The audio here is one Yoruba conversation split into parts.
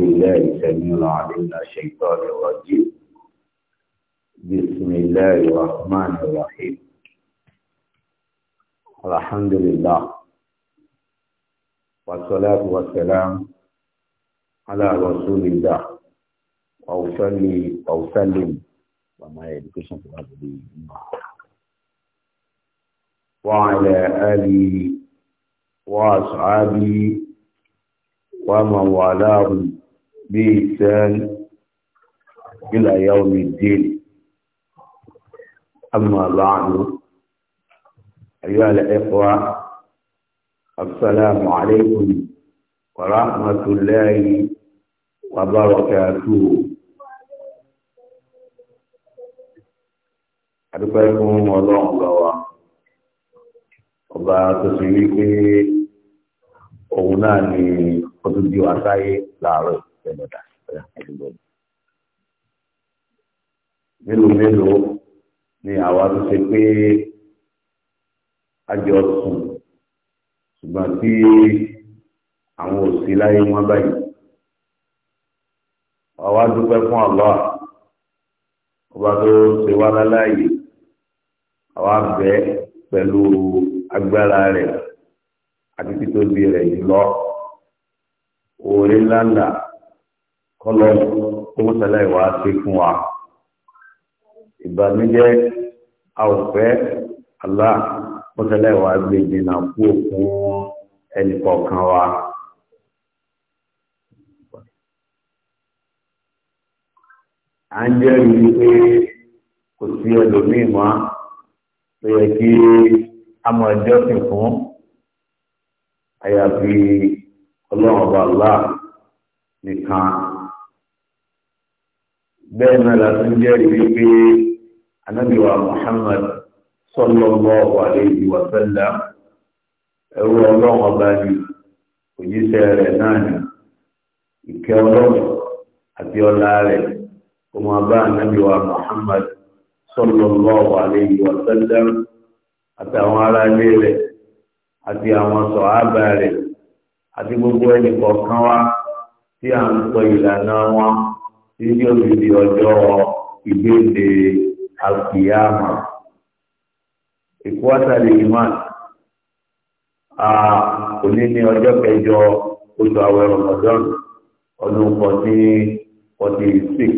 بالله سميع العليم من الشيطان الرجيم بسم الله الرحمن الرحيم الحمد لله والصلاة والسلام على رسول الله وأصلي وأسلم وما education for us وعلى آله وأصحابه ومن والاه بإحسان إلى يوم الدين أما بعد أيها الإخوة السلام عليكم ورحمة الله وبركاته adúpẹ́ fún ọlọ́run lọ́wọ́ ọba tó sì rí pé òun náà ni ó tún di wá sáyé láàárọ̀ fẹ́ lọ́dà ọ̀dà àdúgbò ni. mélòó mélòó ni àwa tó ṣe pé a jọ sùn ṣùgbọ́n tí àwọn òsì láyé wọn báyìí àwa dúpẹ́ fún Allah ọba tó ṣe wá láláyè àwa bẹ́ pẹ̀lú agbára rẹ̀ àti títóbi rẹ̀ yìí lọ òòrè ńláńlá kọ́lọ́ owó sẹ́lẹ̀ ìwà ṣe fún wa ìbànújẹ́ àwòfẹ́ àlá owó sẹ́lẹ̀ ìwà gbé jìnnà kú òkun ẹnì kọ̀ọ̀kan wa. à ń jẹ́rìí wípé kò sí ẹlòmíì mọ́ tó yẹ kí a mọ ẹjọ́ sìn fún àyàfi ọlọ́run ọba àlá nìkan bẹ́ẹ̀ náà la tún jẹ́rìí wípé Ànábì wa Muhammad sallallahu alayhi wa sallam ẹrú ọlọ́run ọba ni òjíṣẹ́ rẹ̀ náà ni ìkẹ́ ọlọ́run àti ọlá rẹ̀ kó máa bá Ànábì wa Muhammad sallallahu alayhi wa sallam àtàwọn ará ilé rẹ̀ àti àwọn sọ̀hábà rẹ̀ àti gbogbo ẹnì kọ̀ọ̀kan wa tí à ń sọ ìlànà wọn títí ó fi di ọjọ́ ìgbéde àkìyàmà ìkúwátàlì imán òní ní ọjọ́ kẹjọ oṣù àwẹ̀ Ramadan ọdún fourteen forty six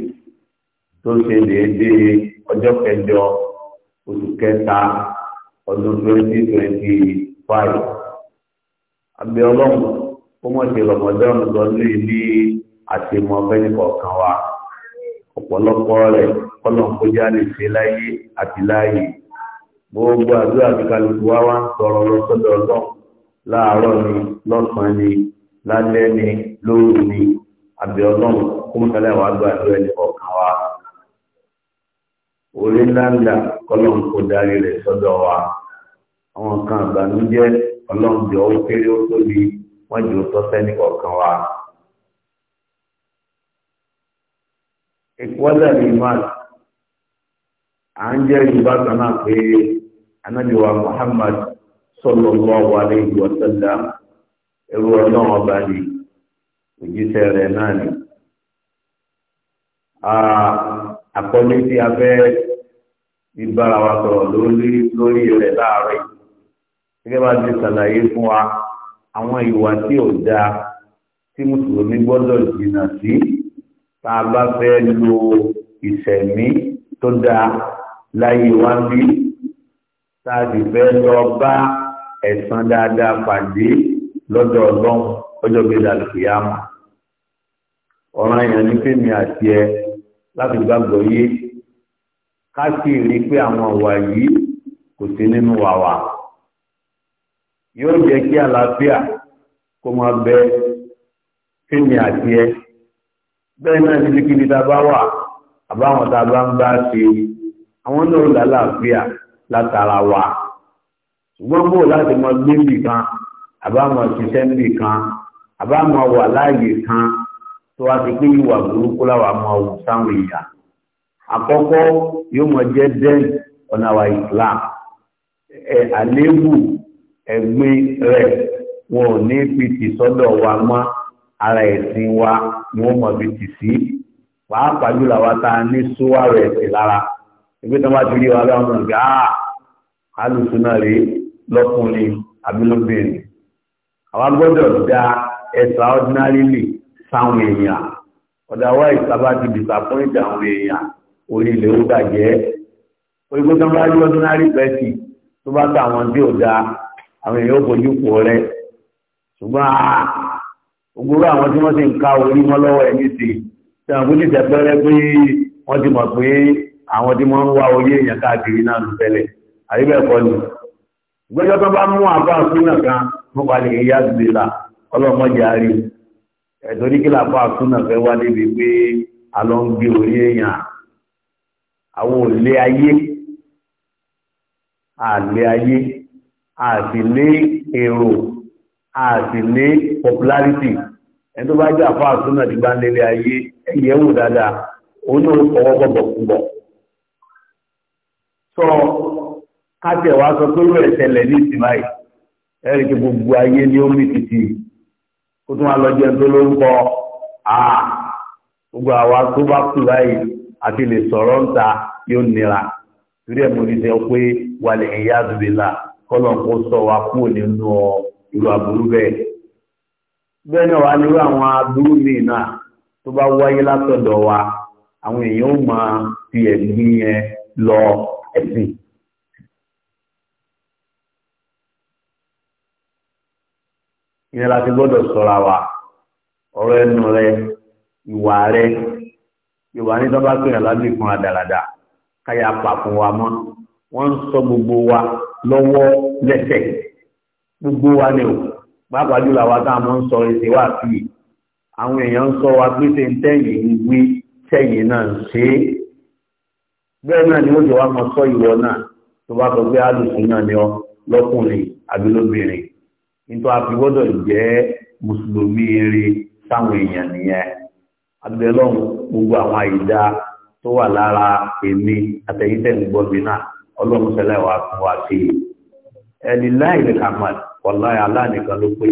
tó ṣe déédéé ọjọ́ kẹjọ oṣù kẹta ọdún twenty twenty five abẹ́ ọlọ́run kó mọ̀ ṣe Ramadan lọ́dún yìí ní àti mọ ọbẹ̀ni kọ̀ọ̀kan wa ọ̀pọ̀lọpọ̀ rẹ̀ kọ́lọ̀kọ́já lè ṣe láyé àti láàyè gbogbo àdúrà tí kálukú wa wá ń tọrọ lọ́sọ́dọ̀ ọlọ́run láàárọ̀ ni lọ́sàn-án ni lálẹ́ ni lóru ni àbí ọlọ́run kó mọ́tàlẹ́ àwọn àgbà àdúrà ẹni kọ̀ọ̀kan wa orí ńláńlá kọ́lọ́run kò darí rẹ̀ sọ́dọ̀ wa àwọn kan àgbànújẹ́ ọlọ́run jọ ó kéré ó tóbi wọ́n jù ú tọ́sẹ́ ní kọ̀ọ̀kan wa. ìpọ́lẹ̀ ní ìmáàlì à ń jẹ́ yorùbá kan náà pé anábìwá Muhammad sallallahu alayhi wa sallam ẹrú ọlọ́run ọba ni òjíṣẹ́ rẹ̀ náà ni. àkọlé tí a fẹ́ ìbára wa lórí lórí rẹ̀ láàárọ̀ gẹ́gẹ́ bá ti ṣàlàyé fún wa àwọn ìwà tí ò dáa tí mùsùlùmí gbọ́dọ̀ jìnnà sí. Si tá a bá fẹ́ lo ìṣẹ̀mí tó dáa láyé wá ń bí tá a sì fẹ́ lọ bá ẹ̀san dáadáa pàdé lọ́dọ̀ ọlọ́run ọjọ́ gbéra kìyàmà ọ̀ràn èèyàn ní fèmí àti ẹ láti gbàgbọ́ yé ká sì rí pé àwọn ọ̀wà yìí kò sí nínú wàwà yóò jẹ́ kí àlàáfíà kó máa bẹ fèmí àti ẹ bẹ́ẹ̀ náà níbi kíbi tá a bá wà àbáwọn tá a bá ń bá ṣe àwọn náà lálàáfíà látara wa ṣùgbọ́n bò láti mọ gbé bì kan àbáwọn ṣiṣẹ́ bì kan àbáwọn wà láàyè kan tó wá ti pé ìwà burúkú láwa mọ ohun sáwọn èèyàn àkọ́kọ́ yóò mọ jẹ́ dẹ́n ọ̀nà wa Islam ẹ̀ àléébù ẹ̀gbin rẹ̀ wọn ò ní fi tì sọ́dọ̀ wa mọ́ ara ẹ̀sìn wa ni wọ́n mọ̀ bí tì sí pàápàá jùlọ àwa tá a ní sówárò ẹ̀sìn lára ìgbé tó bá ti rí wa láwọn ọ̀nà gbà á alùsùn náà rí lọ́kùnrin àbílóbìnrin àwa gbọ́dọ̀ dá extraordinarily sáwọn èèyàn otherwise sábà ti disappoint àwọn èèyàn orí ilẹ̀ ó dàjẹ́ orígbó tó bá rí ordinary person tó bá tà wọn tí ò àwọn èèyàn ò fojú pọ̀ rẹ ṣùgbọ́n ògbóró àwọn tí wọ́n ti ń ka orí wọn lọ́wọ́ ẹ̀ níṣe tí wọ́n fún ìṣẹ̀ pẹ́rẹ́ pé wọ́n ti mọ̀ pé àwọn tí wọ́n ń wá orí èèyàn káàkiri náà ló tẹ́lẹ̀ àríbẹ̀kọ́ ni ìgbẹ́jọ́ tó bá mú àbá súnà kan mú palẹ̀ ìyá zèlà ọlọ́mọdé àárín ẹ̀tọ́rí kí làbá súnà fẹ́ wá a lọ ń gbé orí èèyàn àwọn òlé ayé àlé àti lé popularity ẹni tó bá jẹ́ àfáà súnà ti bá ń lélẹ̀ ayé ẹ̀yẹ́ wò dáadáa òun yóò fọwọ́ bọ̀bọ̀ kú bọ̀. sọ káṣẹ̀ wá sọ pé rẹ̀ ṣẹlẹ̀ ní ìsìnmáì ẹ̀rì kí gbogbo ayé ni ó mì títì kó tún wá lọ jẹun tó lórúkọ à gbogbo àwa tó bá kú báyìí àti lè sọ̀rọ̀ ń ta yóò nira torí ẹ̀ mo ní sẹ́ pé wàlẹ̀ ìyá àdúgbò là kọ́lọ̀ kó sọ wa kúrò nínú ìlú àbúrú bẹ́ẹ̀. bẹ́ẹ̀ náà wá awọn àwọn aburú míì náà tó bá wáyé látọ̀dọ̀ wa àwọn èèyàn ó máa fi ẹ̀mí yẹn lọ ẹ̀sìn. ìyẹn láti gbọ́dọ̀ sọ́ra wa ọ̀rọ̀ ẹnu rẹ ìwà rẹ ìwà ní tọ́ bá pèèyàn káyà fún wa mọ́ wọ́n sọ gbogbo wa lọ́wọ́ lẹ́sẹ̀ gbogbo wa ni pàápàá jùlọ àwa tá a mọ́ ń sọ èsè wà sí àwọn èèyàn ń sọ wa pé ṣe wí tẹ̀yìn náà ṣe é bẹ́ẹ̀ náà ni ó jẹ́ wá mọ sọ ìwọ náà tó bá sọ pé alùsùn náà ni ọ lọ́kùnrin àbí lóbìnrin nítorí a fi gbọ́dọ̀ jẹ́ mùsùlùmí rí sáwọn èèyàn nìyẹn abẹ́lọ́hùn gbogbo àwọn àyídá tó wà lára èmi àtẹ̀yìntẹ̀ ń gbọ́ mi náà ọlọ́run sẹlẹ̀ wà fún wa sí i ẹni láì lè kà máa wọláyà aláàníkan ló pé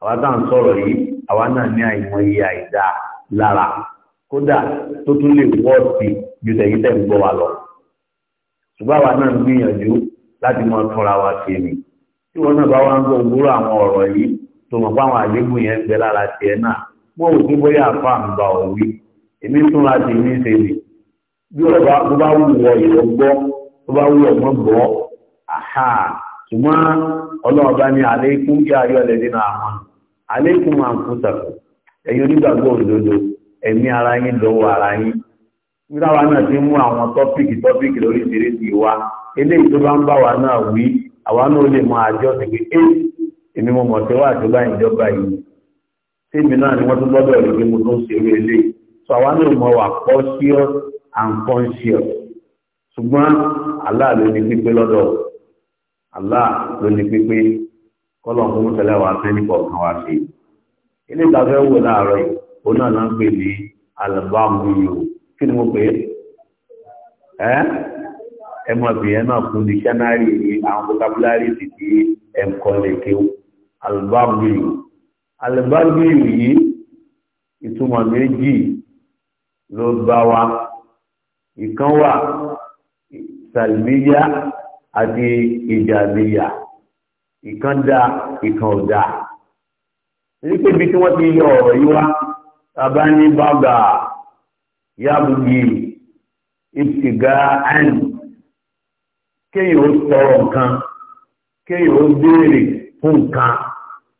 àwa tá à ń sọ̀rọ̀ yìí àwa náà ní àìmọ̀ iye àìdá lára kódà tó tún lè wọ́ọ̀sì ju tẹ̀yìn tẹ̀ ń gbọ́ wa lọ ṣùgbọ́n àwa náà ń gbìyànjú láti mọ túnra wa ṣe ni tí wọn náà bá wá ń gbọ́ òwúrò àwọn ọ̀rọ̀ yìí tó mọ̀ fáwọn àléébù yẹn ń bẹ lára tiẹ̀ náà mo ò tí bóyá àfa ń gba òwí èmi túnra ti ní ṣe ni bí ọba bó bá wù ọ ìwọ bó bá wù ọmọ gbọ́ ṣùgbọ́n ọlọ́ọ̀bá ní àlékún kí ayọ́ ẹlẹ́dínà àwọn àlékún máa ń fún sàkó ẹ̀yin onígbàgbọ́ òdodo ẹ̀mí ara yín lọ́wọ́ ara yín nígbàwá náà ti mú àwọn tọ́pìkì tọ́pìkì lóríṣiríṣi wa eléyìí tó bá ń bá wa náà wí àwa náà lè mọ àjọ ìgbé é èmi mo mọ̀ tí wà tó ìjọba yìí tèmi náà ni wọ́n tún gbọ́dọ̀ rí pé mo tó ń ṣeré eléyìí so àwa náà mọ wà conscious and conscious ṣùgbọ́n aláàlú ni pípé lọ́dọ̀ Allah ló ní pípé kọ́lọ̀ fún mọ́tẹ́lẹ̀ wa fẹ́ nípa ọ̀kan wa ṣe ilé ìtafẹ́ wò láàárọ̀ yìí òun náà náà ń pè ní alùbáwùyò kí ni mo pè é ẹ mọ̀ pé ẹ náà fún dictionary àwọn vocabulary ti di ẹ̀kọ́ lèkè alùbáwùyò alùbáwùyò yìí ìtumọ̀ méjì ló bá wa ìkan wà sàlmíyà àti ìjàdìyà ìkan dá ìkan ò dá ní pé bí tí wọ́n ti yọ ọ̀rọ̀ yìí wá bàbá ní bàbá yábùgì ìtìgá ẹ̀ǹ kéèyàn ó sọ̀rọ̀ nǹkan kéèyàn ó béèrè fún nǹkan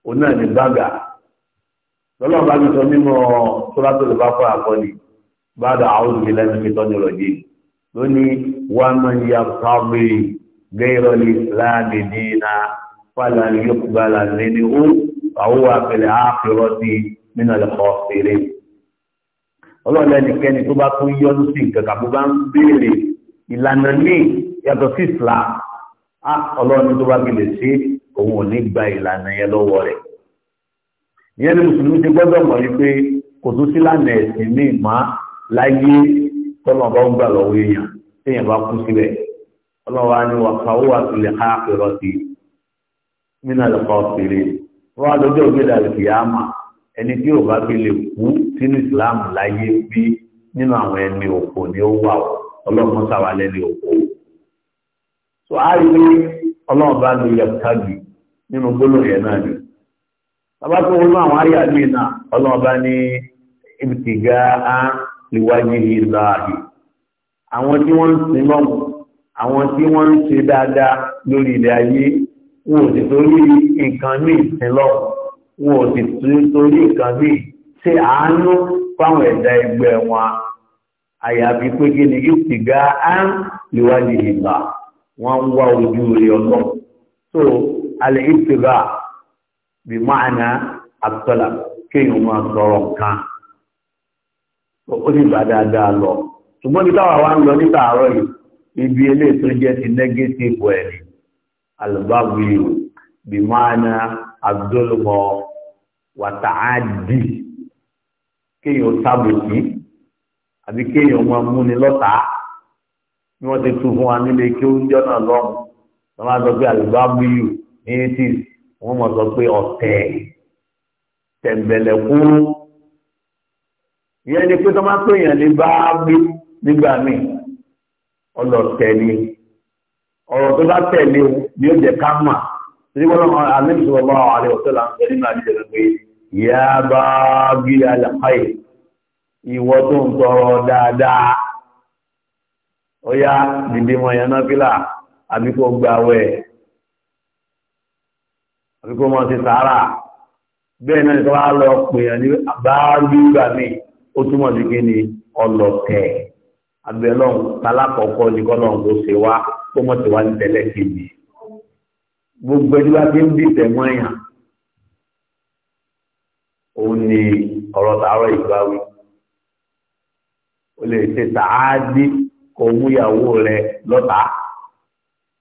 òun náà ní bàbá lọ́lọ́run bá mi sọ nínú sọ́látòlù bá fọ́ àkọlì bá dà áwùjọ ìlànà ìtọ́ni rọ̀jì lónìí wàá máa ń ya fáwọn غير الإسلام دينا فلن يقبل منه فهو في الآخرة من الخاسرين ọlọ́run ẹnikẹ́ni tó bá tún yọnu sí nǹkan kan bó bá ń béèrè ìlànà ní yàtọ̀ sí islam ọlọ́run tó bá gbèlè sí òun ò ní gba ìlànà yẹn lọ́wọ́ rẹ̀ ìyẹn ni mùsùlùmí ti gbọ́dọ̀ mọ̀ ní pé kò tún sí lànà ẹ̀sìn ní ìmọ̀ láyé tọ́lọ̀ bá ń gbà lọ́wọ́ èèyàn téèyàn bá kú síbẹ̀ ọlọ́wà ni wà káwọ́ àtìlẹ̀ ha pẹ̀rọ sí nínú àlùkò ọ̀sẹ̀rẹ̀ wọ́n á lọ́jọ́ ògbéra ìkìyàmà ẹni tí ò bá fi lè kú sínú ìsìláàmù láyé bí nínú àwọn ẹni òkò ni ó wà ó ọlọ́run sáwà lẹ́ni òkò. tó a rí i ọlọ́run bá lu yẹ̀kútàgì nínú gbólóhùn yẹn náà ni. bàbá tó wọnú àwọn àyà míì náà ọlọ́run bá ní ibùtìgá á lè wájú ìlú àwọn tí wọ́n ń sin lọ́mù àwọn tí wọ́n ń ṣe dáadáa lórí ilẹ̀ ayé wọn ò sì torí nǹkan míì sílọ wọn ò sì torí nǹkan míì ṣe àánú fáwọn ẹ̀dá ẹgbẹ́ wọn àyàfi pé kí ni yóò sì ga á lèwádìí ìgbà wọn ń wá ojú rẹ ọlọ so alẹ́ ìtura bí máa na àtọ́là kéèyàn máa sọ̀rọ̀ nǹkan ó sì gbà dáadáa lọ ṣùgbọ́n ní táwa wá ń lọ ní tàárọ̀ yìí ibi ilé tó jẹ́ ti negative well albabu bí máa na abdulmọ wàtàádì kéèyàn sábòtí àbí kéèyàn máa múni lọ́ta bí wọ́n ti tún fún wa nílé kí ó ń jọ́nà lọ́rùn wọ́n máa sọ pé albawiyu ní eighties wọ́n máa sọ pé ọ̀tẹ̀ tẹ̀m̀bẹ̀lẹ̀kún ìyẹn ni pé tó máa pè yàn ní báábí nígbà míì ọlọ́tẹ̀lé ọ̀rọ̀ tó bá tẹ̀lé o ni ó jẹ́ ká mà torí wọ́n lọ́wọ́ alẹ́bùsọ̀ ọba àrẹ ọ̀tọ́ là ń sọ nínú àdìsẹ̀ rẹ̀ pé ìyá bá bí alàmáyè ìwọ tó ń tọrọ dáadáa ó yá dìde mọ ìyànà fílà àbí kó gba wẹ̀ àbí kó mọ sí sàárà bẹ́ẹ̀ náà ni tó wá lọ pè é ní bá gbígbà míì ó túmọ̀ sí kí ni ọlọ́tẹ̀ẹ́ abẹ́lọ́n talakọ̀kọ́ ní kọ́nà kó ṣe wá kó mọ̀ sí wá ní tẹ́lẹ̀ kejì gbogbo ẹni wá ti ń bí tẹ̀mọ́ èèyàn òun ni ọ̀rọ̀ tààrọ̀ ìgbàwí o lè ṣe tààdí kó múyàwó rẹ lọ́ta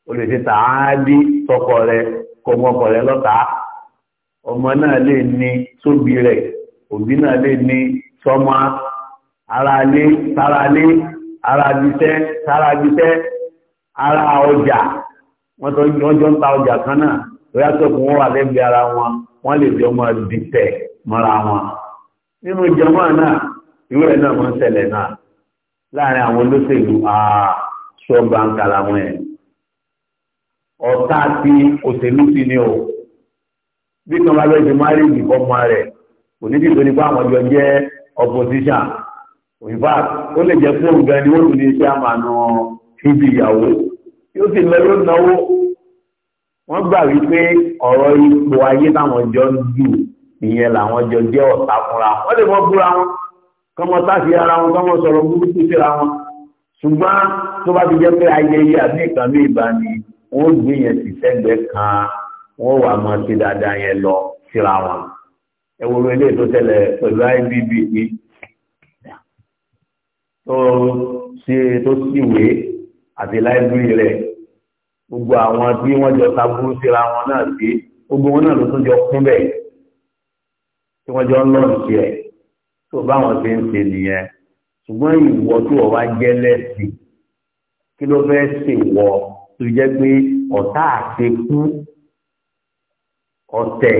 o lè ṣe tààdí tọkọ rẹ kó mọkọ rẹ lọ́ta ọmọ náà lè ní sóbi rẹ òbí náà lè ní sọmọ aráalé sáráalé ara jíṣẹ́ sára jíṣẹ́ ara ọjà wọ́n tó jọ ń ta ọjà kan náà lóyá tó kún wọ́n wà lẹ́gbẹ̀ẹ́ ara wọn wọ́n lè fi ọmọ dìtẹ̀ mọ́ra wọn nínú jọmọ́ náà irú ẹ̀ náà mọ́ ń ṣẹlẹ̀ náà láàrin àwọn olóṣèlú ṣọ́ọ̀bù àǹkàrà wọn ẹ̀ ọ̀tá àti òṣèlú sí ni o bí kan bá bẹ́ẹ̀ ṣe máa rí ìdìbọn mọ́ rẹ̀ kò ní dìbò nípa àwọn ọjọ́ jẹ́ ìfà ó lè jẹ́ fún ọ̀gá ni wọ́n tún ní iṣẹ́ àmàna ṣúbí ìyàwó yóò sì lọ yóò náwó wọ́n gbà wípé ọ̀rọ̀ ipò ayé táwọn jọ ń dù ìyẹn làwọn jọ jẹ́ ọ̀tá fúnra wọ́n lè mọ́ búra wọn kọ́mọ sáfì ara wọn kọ́mọ sọ̀rọ̀ burúkú síra wọn ṣùgbọ́n tó bá ti jẹ́ pé ayẹyẹ àbí nǹkan mí ìbá ni wọ́n gbé yẹn sì sẹ́gbẹ̀ẹ́ kan wọ́n wà mọ́ sí dáadáa yẹn lọ síra wọn ẹ̀wòrán ilé tó tẹ̀lé pẹ̀lú ibb tó ṣe tó síwèé àti láìbírì rẹ̀ gbogbo àwọn tí wọ́n jọ sábúrú síra wọn náà sí gbogbo wọn náà ló tún jọ kún bẹ́ẹ̀ tí wọ́n jọ ń lọ́ọ̀nù sí ẹ̀ tó báwọn ṣe ń ṣe nìyẹn ṣùgbọ́n ìwọ tí wọ́n wá jẹ́ lẹ́sìn kí ló fẹ́ ṣèwọ tó jẹ́ pé ọ̀tá àṣekú ọ̀tẹ̀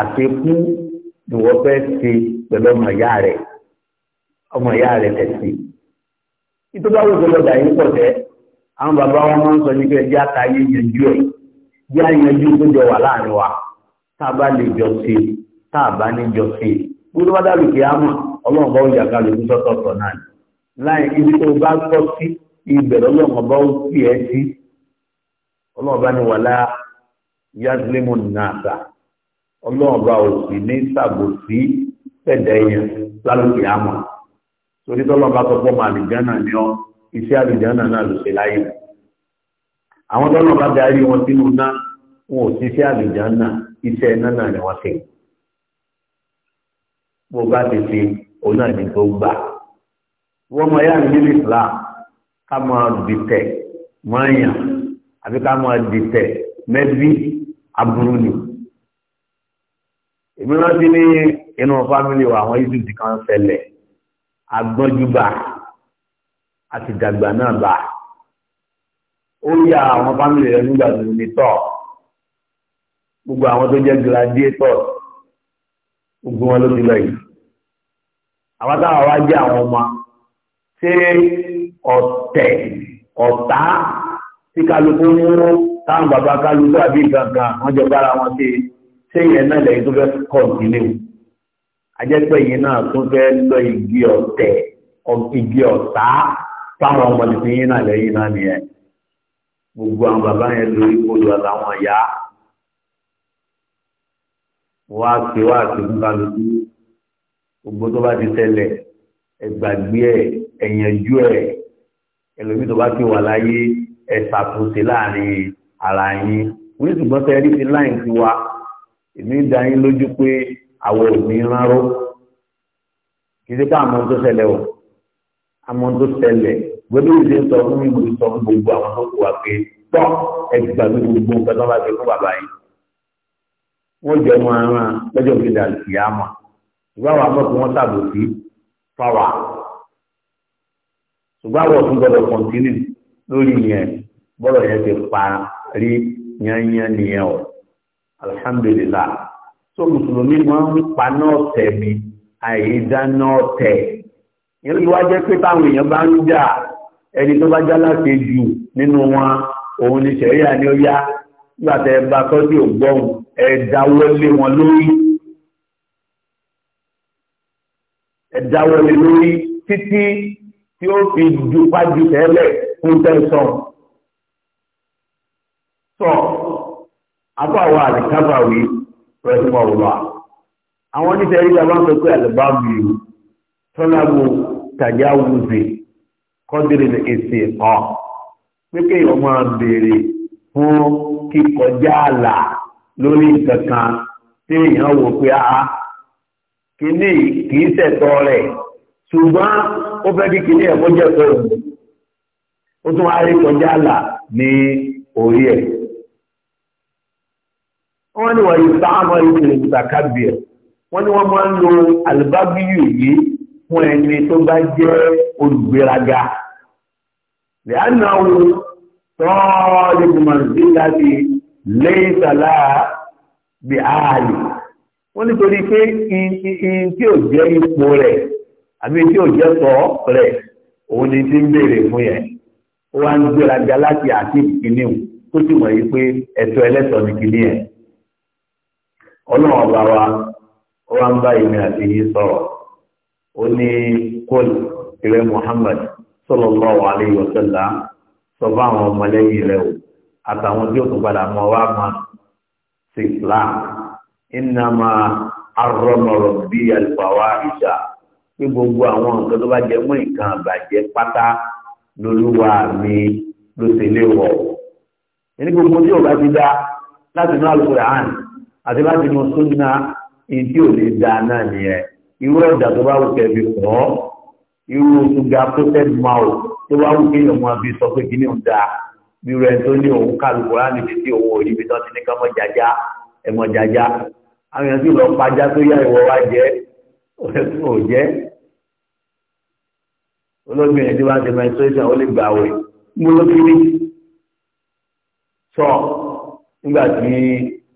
àṣekú ni wọ́n fẹ́ ṣe pẹ̀lú ọmọ ìyá rẹ̀ ọmọ ìyá rẹ̀ tẹ̀sí ìtọ́jú àwọn ìgbọ́lọ́dà yìí pọ̀ tẹ́ àwọn bàbá wọn máa ń sọ ní pé ẹjẹ́ àtàyè yanjú ẹ̀ jẹ́ àyanjú tó jọ wà láàrin wa tá a bá lè jọ sí i tá a bá ní jọ sí i gbogbo bá dàbí kí á mọ̀ ọlọ́run bá òyà ká lóògùn sọ́tọ̀ọ̀tọ̀ náà láì ibi tó bá tọ́ sí ibẹ̀ lọ́lọ́run bá ó pì ẹ́ sí ọlọ́run bá ní wàlá yásílẹ́mù nàṣà ọlọ́run bá ò sì ní sàbòsí pẹ̀dẹ̀ lálùkì á mọ̀ torí tọ́lọ́ bá sọ fọ́ọ̀mù àlìjánà ni ọ iṣẹ́ àlìjánà náà ló ṣe láyé àwọn tọ́lọ́ bá darí wọn sínú ná wọn ò sí iṣẹ́ àlìjánà iṣẹ́ náà ni wọ́n ṣe bó bá ti ṣe òun náà ni tó gbà wọ́n mọ yára nílé Islam ká máa dìtẹ̀ mọ́ọ̀yàn àbí ká máa dìtẹ̀ mẹ́bí aburú ni èmi rántí ní inú fámìlì wa àwọn yìí ti kàn ṣẹlẹ̀ agbọ́njúbà àti dàgbà náà bà ó yà àwọn fámìlì rẹ nígbà tó ní tọ̀ gbogbo àwọn tó jẹ́ gladiators gbogbo wọn ló ti lọ yìí àwọn táwọn wá jẹ́ àwọn ọmọ ṣé ọ̀tẹ̀ ọ̀tá tí kálukú ń mú táwọn bàbá kálukú àbí gangan wọ́n jọ bára wọn ṣe ṣé ìyẹn náà lẹ́yìn tó fẹ́ kọ̀ọ̀tì léwu ajẹ́pẹ́ yìí náà tún fẹ́ lọ igi ọ̀tẹ̀ igi ọ̀tá fáwọn ọmọ tuntun yìí náà lẹ́yìn náà nìyẹn gbogbo àwọn bàbá yẹn lórí kólu àtàwọn ìyá wá sí wá sí fún kálukú gbogbo tó bá ti tẹ̀lẹ̀ ẹgbàgbé ẹ ẹ̀yànjú ẹ ẹlòmíì tó bá ti wà láyé ẹ ṣàtúnṣe láàrin ara yín wọ́n ní ṣùgbọ́n tẹ́lẹ̀ ti láì ti wá èmi dá yín lójú pé àwọn òní ráró kìí ká àmọ́ tó ṣẹlẹ̀ o àmọ́ tó ṣẹlẹ̀ gbẹ́dọ̀ ìdí sọ fún mi gbọ́dọ̀ sọ fún gbogbo àwọn tó kù wá pé tọ́ ẹgbàá mi gbogbo nǹkan tó bá ti fún bàbá yìí wọ́n jẹ́ wọn aràn lọ́jọ́ gbèdà ìyáàmà ìwà wà mọ̀ kí wọ́n ṣàbòsí fáwà ṣùgbọ́n àwọn ọ̀tún gbọ́dọ̀ kọ̀ǹtínú lórí yẹn bọ́lọ̀ yẹn ti pa yányán nìyẹn o alhamdulilayi so mùsùlùmí máa ń paná ọ̀tẹ̀ mi àìdáná ọ̀tẹ̀ ìlú wá jẹ́ pé táwọn èèyàn bá ń jà ẹni tó bá já láti jù nínú wọn òun ni ṣẹ̀ríà ni ó yá nígbàtẹ̀ bá tọ́jú ògbọ́n ẹ̀dáwọlé wọn lórí ẹ̀dáwọlé lórí títí tí ó fi dupájú tẹ́lẹ̀ fún tẹ́sán sọ àbọ̀ àwọn àlìkábàwí rẹ̀sùmọ̀ ọ̀wà àwọn oníṣẹ́ ìgbà máa sọ pé àlùbáàbù yìí tọ́lábù tàjáwùzì kọ́dìrì èsì ọ̀ pé kéèyàn máa béèrè fún kíkọjá àlà lórí nǹkan kan tí èèyàn wò pé a ah, kìíní kìí ṣẹ̀tọ́ rẹ̀ ṣùgbọ́n ó fẹ́ kí kìíní ẹ̀kọ́ jẹ́ wọ́n ní wọ́n yìí sáàmọ́ ìpìlẹ̀ ìtàkàbìẹ̀ wọ́n ní wọ́n máa ń lo àlùbábíyù yìí fún ẹni tó bá jẹ́ olùgbéraga lẹ́yìn àwọn tọ́ọ̀lù mọ̀sílá ti lẹ́yìnsàlá bí ààyè wọ́n nítorí pé in tí ò jẹ́ ipò rẹ̀ àbí tí ò jẹ́ sọ rẹ̀ òun ni ti ń béèrè fún yẹn ó wá ń gbéraga láti àti ìkíní tó sì mọ̀ pé ẹ̀tọ́ ẹlẹ́tọ̀ ní kíní yẹn ọlọ́run wa ó wá ń bá èmi àti yìí ni ó ní kol ìrẹ́ Muhammad sallallahu alaihi wasallam sọ àwọn ọmọlẹ́yìn rẹ̀ o àtàwọn tí ó tún padà mọ́ wá máa sí Islam innama harrama rabbiya al-fawahisha pé gbogbo àwọn nǹkan tó bá jẹ mọ́ nǹkan àbàjẹ́ pátá lolúwa mi ló gbogbo tí àti láti mọ súnà ìdí ò lè dáa náà nìyẹn irú ọ̀dà tó bá wù kẹ́bi pọ̀ irú ṣúgà process mouth tó bá wù kéèyàn máa fi sọ pé kí ni ò dáa irú ẹni tó ní òun kálukú rá níbi tí òun ò rí ibi tó ti ní ká mọ jàjà ẹ mọ jàjà àwọn èèyàn sì lọ pajá tó yá ìwọ wá jẹ ò jẹ olóbìnrin tí wọ́n ti menstruation ó lè gbà wẹ̀ ń gbọ́dọ̀ sọ nígbà tí.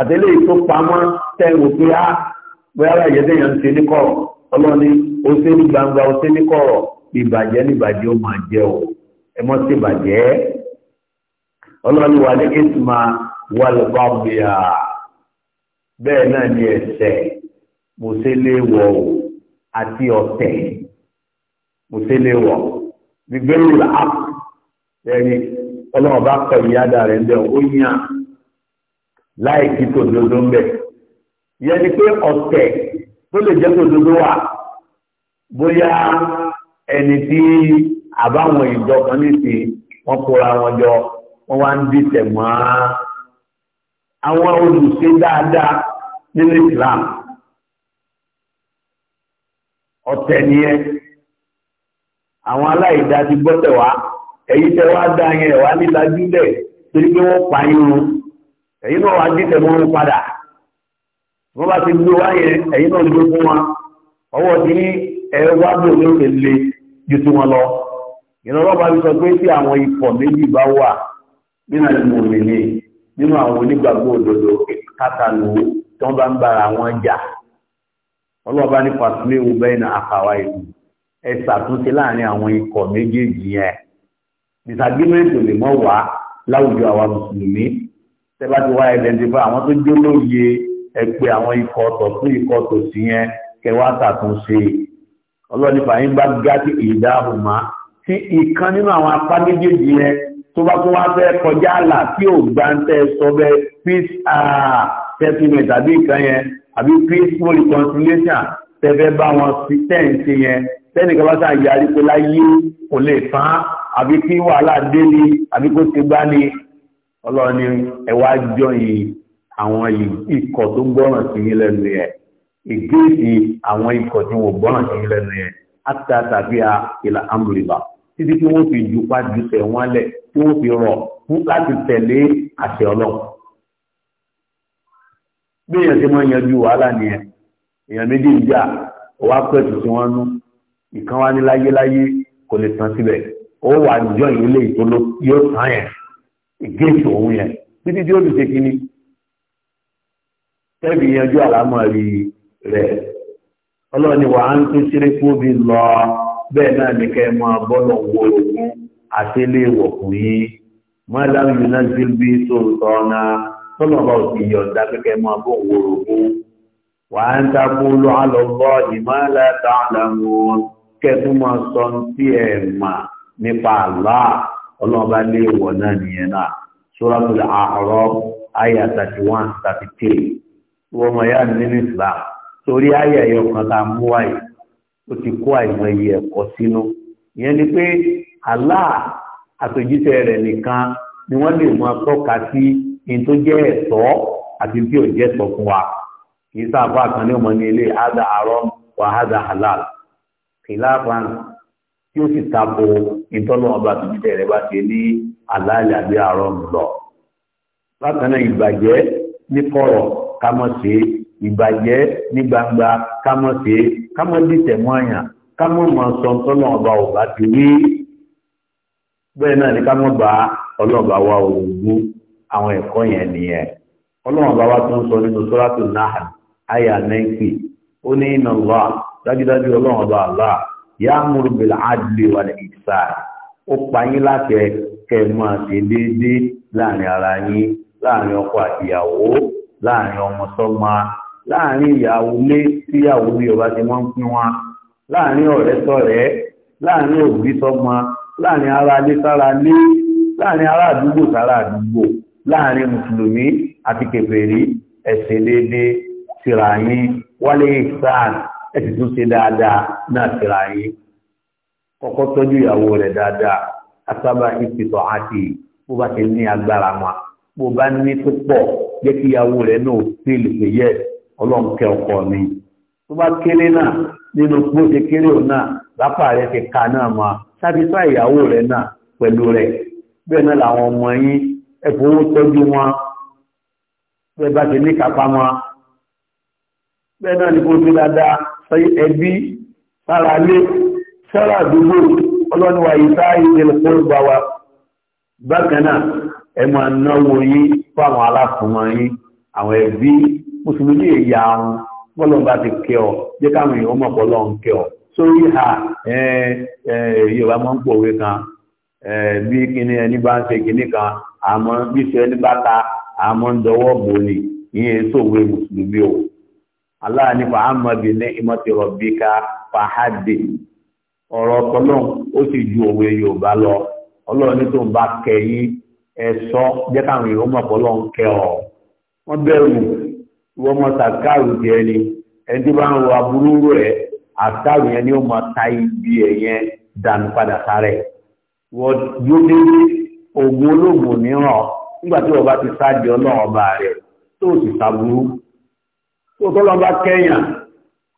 àtẹ́lẹ̀ tó pamọ́ tẹ́wò pé á bẹ́ẹ̀rẹ̀ ìyẹ́dẹ̀ yẹn ń ṣe ní kọ̀rọ̀ ọlọ́ni ó ṣe ní gbangba ó ṣe ní kọ̀rọ̀ ìbàjẹ́ níbàjẹ́ ó máa jẹ́ o ẹ mọ́ sí ìbàjẹ́ ọlọ́ni wà ní ìtumà wà lọ́bàbíà náà ni ẹ̀ṣẹ̀ mo ṣe léwọ̀ o àti ọ̀tẹ̀ mo ṣe léwọ̀ gbígbé ìlà áàpù ẹni ọlọ́run bá kọ ìyá dà rẹ̀ ń bẹ́ẹ̀ ó yàn láì kí tòdodo ń bẹ̀. ìyẹn ni pé ọ̀tẹ̀ tó lè jẹ́ tòdodo wà bóyá ẹni tí àbáwọn ìjọ kan nìsí wọ́n kóra wọn jọ wọ́n wá ń dìtẹ̀ mọ́ àwọn olùṣe dáadáa nínú Islam ọ̀tẹ̀ nìyẹn àwọn aláìdá ti gbọ́tẹ̀ wá èyí tẹ́ wá dá yẹn wá nílajúlẹ̀ torí pé wọ́n pa irun ẹ̀yin náà wá jí tẹ̀mọ́ ń padà wọ́n bá ti gbé wáyé ẹ̀yin náà gbé fún wa ọwọ́ tí ẹ̀rọ wá bò ní òkè le ju tí wọn lọ ìrànlọ́wọ́ bá sọ pé tí àwọn ikọ̀ méjì bá wà nínú àdúgbò òmìnir nínú àwọn onígbàgbọ́ òdodo kátàlù tí wọ́n bá ń bára wọn jà ọlọ́ọ̀bá ní fàtúlẹ̀ ewu bẹ́ẹ̀ ní àkàwá ìlú ẹ ṣàtúnṣe láàrin àwọn ikọ̀ méjèèjì yẹn disagreement ò lè mọ́ wá láwùjọ àwa mùsùlùmí tẹ́bá ti wá ẹ̀dẹ̀ǹdìfà àwọn tó jó lóye ẹ̀pẹ́ àwọn ikọ̀ tọ̀tún ikọ̀ tòsí yẹn kẹwàá ṣàtúnṣe ọlọ́ni fàyín bá gá sí ìdáhùnmá tí ìkan nínú àwọn apá méjèèjì yẹn tó bá tún wá fẹ́ kọjá àlà tí ò gbá ń tẹ́ sọ bẹ́ peace ah, settlement àbí ìkan yẹn àbí peaceful reconciliation tẹ́fẹ́ bá wọn sí tẹ́ǹtì yẹn tẹ́nìkan bá sàn yàrí pé láyé kò lè fán àbí kí wàhálà dé ni àbí kó ti gbá ni ọlọ́run ni ẹ wá jọyìn àwọn ikọ̀ tó gbọ́ràn sí yín lẹ́nu yẹn ìgbésí àwọn ikọ̀ tí wọ́n gbọ́ràn sí yín lẹ́nu yẹn àti àtàbí ìlà amúlìlà títí tí wọ́n fi jupa jùsẹ̀ wọn lẹ̀ tí wọ́n fi rọ̀ fún láti tẹ̀lé àṣẹ ọlọ́run. bí èèyàn ti máa yanjú wàhálà nìyẹn èèyàn méjì ń jà wá pẹ̀tù sí wọn nú ìkan wá ní láyéláyé kò lè tán síbẹ̀ ó wà jọyìn ilé ìgéṣù òun yẹn títí tí ó lè ṣe kíní tẹ́bí yanjú àlámọ̀rí rẹ̀ ọlọ́run ni wàá ń tún ṣeré fún mi lọ bẹ́ẹ̀ náà ní kẹ́ máa bọ́lọ̀ wo òkun àtẹ́lẹ̀ ìwọ̀kùn yìí mọ́lám yunazil bí sóòtọ́ náà tọ́lọ̀ bá ò sì yọ̀ǹda pé máa bọ́ wo òkun wàá ń takú lọ àlọ́gbọ́ ìmọ̀lá tààlà wọn kẹ́ máa sọ ní ẹ̀ àlá ọlọ́run bá lé ìwọ̀ náà nìyẹn náà Suratul A'raf àyà thirty one thirty three wọ́n mọ̀ yá nínú Islam torí àyà ẹ̀yọ kan tá a mú wáyé ó ti kó àìmọ̀ iye ẹ̀kọ́ sínú ìyẹn ni pé Allah àtòjíṣẹ́ rẹ̀ nìkan ni wọ́n lè mọ tọ́ka sí ní tó jẹ́ ẹ̀tọ́ àti tí ò jẹ́ tọ́ fún wa kì í sáà fún àkànní ọmọ ní ilé hada haram wa hada halal kìláfà kí ó sì tako ìtọ́nà ọba àtúntẹ̀ rẹ̀ bá ṣe ní aláàlẹ́ àbí àárọ̀ lọ. bákan ìbàjẹ́ ní kọ̀rọ̀ ká má ṣe ìbàjẹ́ ní gbangba ká má ṣe ká má dìtẹ̀ mọ́ àyàn ká má mọ sọ ọba ọba ti wí. bẹ́ẹ̀ náà ni ká bá ọlọ́ọ̀bá wa àwọn ẹ̀kọ́ yẹn nìyẹn. ọlọ́ọ̀bá wa tó ń sọ nínú náà àyà ó ní ya'muru bil adli wal ihsan ó pa yín láti kẹ́ máa ṣe déédéé láàrin ara yín láàrin ọkọ àti ìyàwó láàrin ọmọ sọ́mọ láàrin ìyàwó lé síyàwó bí ọba ti wọ́n ń pín wọn láàrin ọ̀rẹ́ sọ̀rẹ́ láàrin òbí sọ́mọ láàrin ara lé sára lé láàrin ará àdúgbò sára àdúgbò láàrin mùsùlùmí àti kèfèrí ẹ̀sìn déédéé síra yín wálé ìsáà ẹ̀sì tún ṣe dáadáa náà síra yín kọ́kọ́ tọ́jú ìyàwó rẹ̀ dáadáa asábà ìfìtọ̀ àti bó bá ti ní agbára mọ́ bó bá ní tó pọ̀ jẹ́ kí ìyàwó rẹ̀ náà fíìlì pé yẹ ọlọ́nkẹ́ ọkọ mi tó bá kéré náà nínú bó ṣe kéré òun náà lápá rẹ̀ ti ka náà mọ́ sábísà ìyàwó rẹ̀ náà pẹ̀lú rẹ̀ bẹ́ẹ̀ náà làwọn ọmọ yín ẹ̀fọ́ owó tọ́jú wọn bẹ́ẹ̀ bá ti ní kápá wọn bẹ́ẹ̀ náà ni kò sí dáadáa ẹbí sára lé sára àdúgbò ọlọ́niwà ìta ìdílùkú gbà wa bákan náà ẹ máa náwó yín fáwọn aláfọmọ yín àwọn ẹbí mùsùlùmí èyí àrùn bọ́lọ̀mbà ti kẹ́ ọ jẹ́ káwọn èèyàn mọ̀ pọ̀ lọ́n kẹ́ ọ sórí ha yorùbá máa ń pòwe kan bí kíní ẹni bá ń ṣe kíní kan àmọ́ bí ṣe ẹni bá ta àmọ́ ń dọwọ́ bò ní ìyẹn sòwe mùsùlùmí o Allah ní fàámà bí ní ìmọ̀tì rabbika fàhádì ọ̀rọ̀ ọlọ́run o sì ju òwe yorùbá lọ ọlọ́run ní tó ń bá kẹyìn ẹ̀sọ́ jẹ́ káwọn èèyàn mọ̀ pé ọlọ́run kẹ ọ̀ wọ́n bẹ̀rù wọ́n mọ sàkáàrù ẹni tí bá ń àkáàrù yẹn ni ó ta ibi dànù padà sáré wọ́n yóò dé olóògùn nígbà tí wọ́n bá ti sáàdì ọlọ́run ọba rẹ̀ tó sì tó tọ́lọ́ bá kẹ́yàn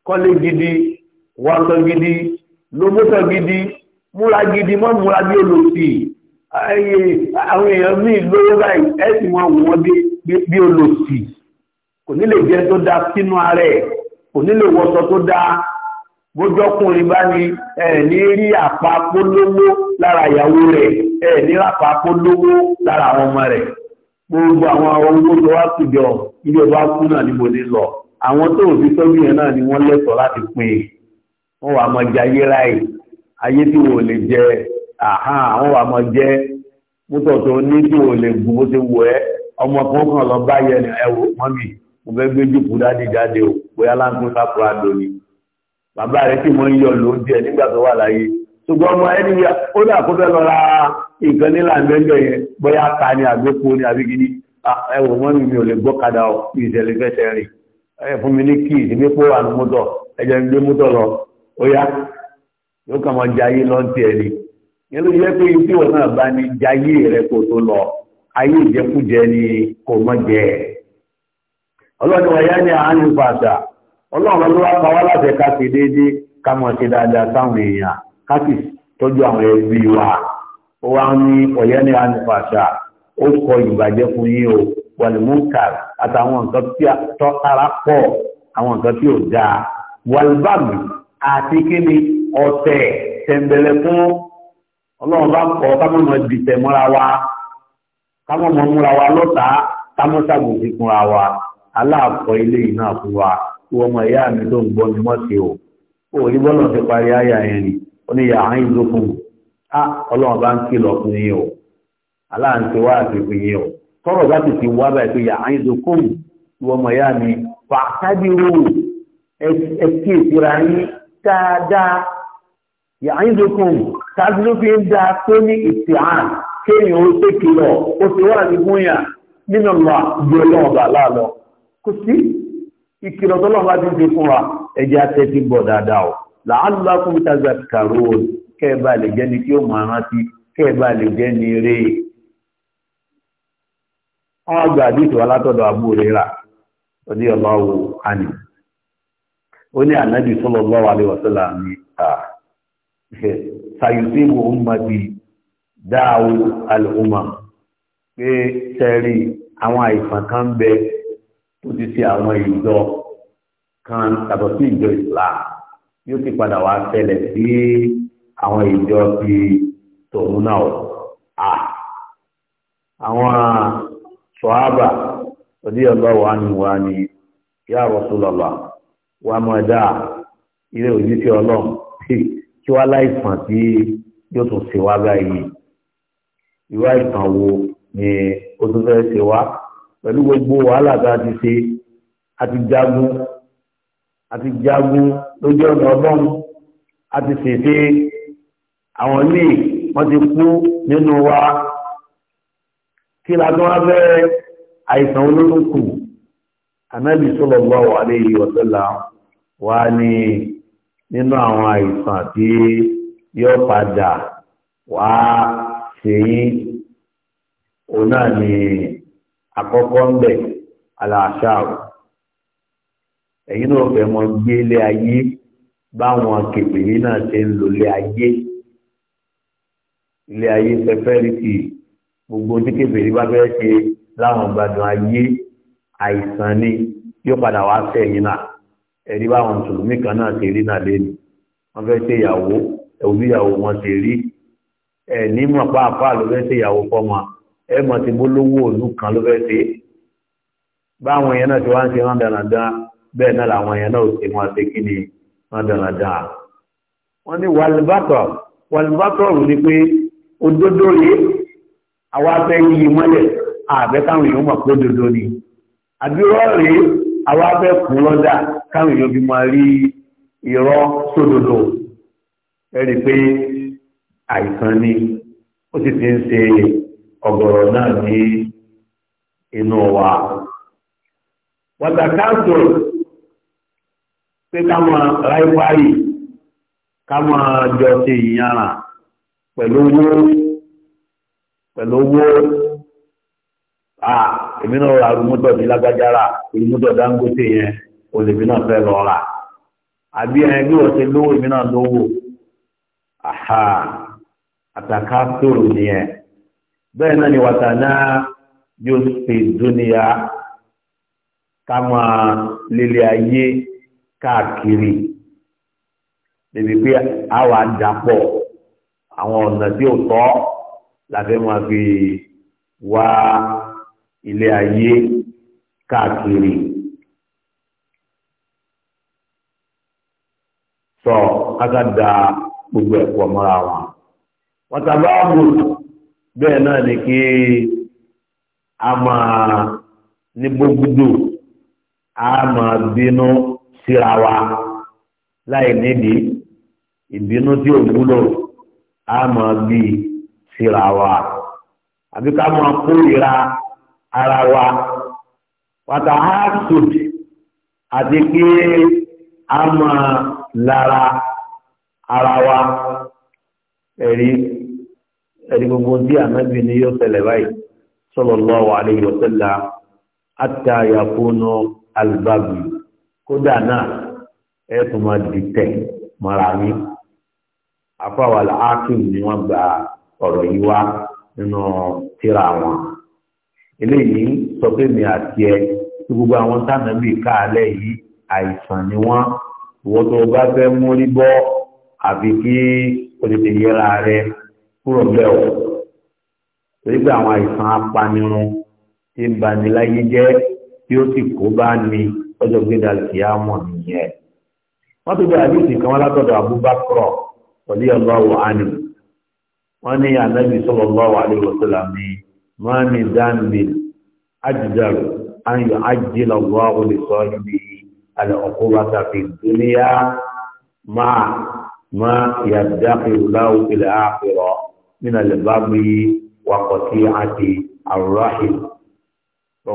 kọ́lé gidi wàtọ̀ gidi lomọ́tọ̀ gidi múra gidi mọ́ múra bí olòsì àwọn èèyàn míì lówó báyìí ẹ̀sìn wọn wò wọ́n bí olòsì kò ní lè jẹ tó dáa sínú ara ẹ̀ kò ní lè wọṣọ tó dáa bójọ́kùnrin bá ní ẹ̀ẹ̀ní rí àpá polówó lára ìyàwó rẹ̀ ẹ̀ẹ̀ní rápá polówó lára ọmọ rẹ̀ gbogbo àwọn ohun tó wá kùjọ ilé kú náà ni mo ní lọ àwọn tó òbí tọ́jú yẹn náà ni wọ́n lẹ́tọ̀ọ́ láti pín in wọ́n wà mọ jẹ ayé ráì ayé tí wò lè jẹ àhán wọ́n wà mọ jẹ mútọ̀ tó ní tí wò lè gùn bó ti wù ẹ́ ọmọ kan kan lọ bá yẹn ẹ wò mọ́mì mo fẹ́ gbé jùpù dáàdì jáde o bóyá láńkún sápúra lónìí bàbá rẹ̀ sì mọ ń yọ lóúnjẹ nígbà tó wà láyé ṣùgbọ́n ọmọ ẹni ya ó dà kó fẹ́ lọ ra nǹkan nílà mẹ́jọ yẹn bóyá ta ni àgbépo ni àbí gidi ah, ẹ wò mọ́mì mi ò lè gbọ́kadà ìṣẹ̀lẹ̀ fẹsẹ̀ rìn ẹ fún mi ní kí ìdílé pọ̀ wà ní mọ́tọ̀ ẹ̀jẹ̀ ń gbé mọ́tọ̀ lọ ó yá yóò kàn máa jayé lọ́ntì ẹ̀ ni nílùú yẹ pé ibi wọn náà bá ní jayé rẹ kó tó lọ ayé ìjẹkújẹ ni kò mọ jẹ ọlọ́run wọ̀nyá ni àánú fàṣà ọlọ́run ló wá pa wá láti ká sí déédéé ká mọ̀ sí dáadáa sáwọn èèyàn ká sì tọ́jú àwọn ẹbí wa ó wá ní ọ̀yẹ́ ni àánú fàṣà ó kọ ìbàjẹ́ fún yín o wàlúmúkàr àtàwọn nǹkan tí tọ́ ara pọ̀ àwọn nǹkan tí ò dáa wàlúbàmù àti kíni ọ̀tẹ̀ tẹ̀m̀bẹ̀lẹ̀ fún ọlọ́run bá kọ́ kámọ́mọ́ dìtẹ̀ mọ́ra wa kámọ́mọ́ múra wa lọ́ta kámọ́sàgòsì fúnra wa aláàkọ́ ilé iná fún wa tí wọ́n mọ ìyá mi tó ń gbọ́ mi mọ́ sí o ò ní bọ́lọ̀ ti parí àyà yẹn ni ó ní yàrá ìlú fún mi ọlọ́run bá ń kìlọ̀ fún yín o aláǹtí wá àti fún yín o tọ́rọ̀ bá ti fi wá báyìí pé yà á ń dokòwò ìwọ̀n mọ̀ yá mi fàtàbírò ẹ kí ìtura yín dáadáa yà á ń dokòwò tàbí ló fi ń da tó ní ìtìhàn kéèyàn ó ṣe kìlọ̀ ó ti wà ní gúnyà nínú lọ ju ọlọ́run láàlọ́ kò sí ìkìlọ̀ tó lọ́wọ́ bá fi fún wa ẹjẹ́ atẹ́tí bọ̀ dáadáa o làálùbá kún mi tàbí àtìkàrò kẹ́ẹ̀ bá lè jẹ́ ni tí ó máa rántí kẹ́ẹ̀ bá lè jẹ́ ni rèé wọ́n gba àdìsí wa látọ̀dọ̀ Abu Hurairah ọdí ọlọ́wọ́ àní ó ní ànábì sallallahu alaihi wasallam ní sayusibu ummati dáàwó al'umma pé tẹ́rí àwọn àìsàn kan ń bẹ tó ti ṣe àwọn ìjọ kan tàbí sí ìjọ Islam yóò ti padà wá ṣẹlẹ̀ sí àwọn ìjọ bíi tòun náà àwọn sọ̀hábà òdí ọlọ́wọ́ àníwá ni yá rọ́sùlọ́lá wà mọ́ ẹ̀dá ilé òjíṣẹ́ ọlọ́run kí wá láìsàn tí yóò tún ṣe wá báyìí irú àìsàn wo ni ó tún fẹ́ ṣe wá pẹ̀lú gbogbo wàhálà tá a ti ṣe a ti jagun lójú ọ̀nà ọlọ́run a ti ṣèṣe àwọn míì wọ́n ti kú nínú wa kí lásán wá fẹ́ àìsàn olóńkù anábì sallallahu alayhi wa sallam wá ní nínú àwọn àìsàn tí yóò padà wá ṣèyí òun náà ni àkọ́kọ́ ń bẹ̀ aláṣáàrù ẹ̀yin náà fẹ́ mọ gbé ilé ayé báwọn kèpèrí náà ṣe ń lò ilé ayé ilé ayé fẹ́fẹ́ rí kìí gbogbo tí kébèrè bá fẹ́ ṣe láwọn gbádùn ayé àìsàn ni yóò padà wá sẹ́yìn náà ẹ̀rí báwọn mùsùlùmí kan náà ti rí náà lẹ́nu wọ́n fẹ́ ṣe ìyàwó ẹ̀wù ìyàwó wọn ti rí ẹ̀ nímọ̀ pàápàá ló fẹ́ ṣe ìyàwó fọ́mọ ẹ̀ mọ̀ ti bólówó òlú kan ló fẹ́ ṣe báwọn èèyàn náà ti wá ń ṣe wọn dandan bẹ́ẹ̀ náà làwọn èèyàn náà ò ṣe wọn ṣe kí ni wọn dandan wọ́n ní wàlúbátọ̀ wàlúbátọ̀ rù ni pé òdodo rèé àwa fẹ́ yí mọ́lẹ̀ àbẹ́ káwọn èèyàn mọ̀ pé dodo ni àbírọ́ rèé àwa fẹ́ kún lọ́dà káwọn èèyàn fi máa rí irọ́ sódodo ẹ̀rí pé àìsàn ni ó sì ti ń ṣe ọ̀gọ̀rọ̀ náà ní inú wa. wàtàkàtò pé káwọn ráìpáì káwọn jọ ṣe ìyára pẹ̀lú owó pẹ̀lú owó àà èmi náà ra rúmútọ̀ ní lágbájára rúmútọ̀ Dangote yẹn olèmi náà fẹ́ lọ rà àbí ẹni bí wọ́n ti lówó èmi náà lówó àhà àtàkà sòrò nìyẹn bẹ́ẹ̀ náà ni wàtà náà yóò ṣe dúnìyà ká máa lélẹ̀ ayé káàkiri débi pé àwa dàpọ̀ àwọn ọ̀nà tí ò tọ́ làbẹ́ máa fi wá ilé ayé káàkiri. sọ káká da gbogbo ẹ̀kọ́ mọ́ra wọn. wọ́n tàbá bù bẹ́ẹ̀ náà ni kí a máa ní gbogbo a máa bínú síra wa láì nídìí ìbínú tí ò wúlò a máa bíi síra wa àbí ká máa kórìíra ara wa pàtà áàtùd àti pé a máa lára ara wa ẹ̀rí ẹ̀rí gbogbo tí ànábì ni yóò tẹ̀lẹ̀ báyìí sallallahu alayhi wa sallam hatta yakunu albabi kódà náà ẹ tún máa dìtẹ̀ mọ́ra mi afáwàlá ákìm ni wọ́n gbà ọ̀rọ̀ yìí wá nínú tíra wọn eléyìí sọ pé mi àti ẹ tí gbogbo àwọn tánàbì káàlẹ̀ yìí àìsàn ni wọ́n ìwọ tó bá fẹ́ mórí bọ́ àfi kí o tètè yẹra rẹ kúrò bẹ́ẹ̀ o torí pé àwọn àìsàn apanirun tí ń bani láyé jẹ́ tí ó sì kó bá ní ọjọ́ gbéra kìámọ̀ nìyẹn wọ́n tó bá àdéhùn kan wọn látọ̀dọ̀ Abubakar pẹ̀lú ọlọ́wọ́ ánìmù wọ́n ní ànábì sallallahu alaihi wasallam ní máa ní dáńbì ajdaru an yu'ajjila Allahu li sahibihi al-uqubata fi dunya máa máa yaddaqiru lahu fil akhirah min al-baghi wa qati'ati ar-rahim